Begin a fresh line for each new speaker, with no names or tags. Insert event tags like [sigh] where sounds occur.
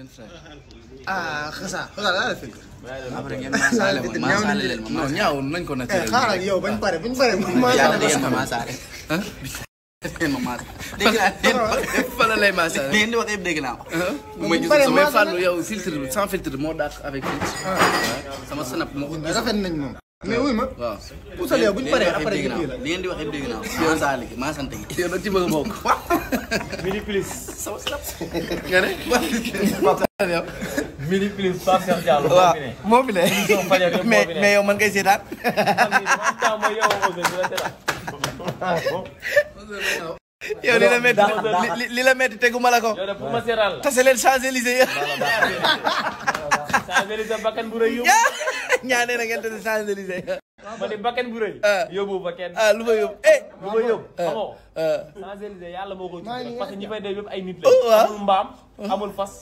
seen frère. ah xasaa xasaa laa la fekk. après ngeen maasaale ma maasaale leen ma ñaaw
nañ ko naturel. xaaral
yow bañ pare buñ pare. yàlla da ngeen ma maasaale.
dégg naa fa la lay maasaale. ngeen di wax yëpp dégg naa ko. bu may gis samay fàllu
yow filtre bi sans filtre moo dàq avec filtre. sama snap moo ko rafet nañ moom. mais wuy ma.
waaw puusal bu ñu paree après li ngeen di wax yëpp dégg naa ko. maa ma maa sant gi. yow nag [laughs] [laughs] moo fi ne. mais
man ngay seetaan. [laughs] yow li la métti li tegu ma la ko. tase leen Champs-Élysées. ñaanee na ngeen di Champs-Élysées. ma ne bakken bu rëy. Ah. yóbbu bakken. ah lu ma yóbbu eh. lu ma yóbbu xamoo. Ah. Ah. Champs-Élysées yàlla moo koy tudd parce que ñi fay def yëpp ay nit la. Oh, amul mbaam amul fas.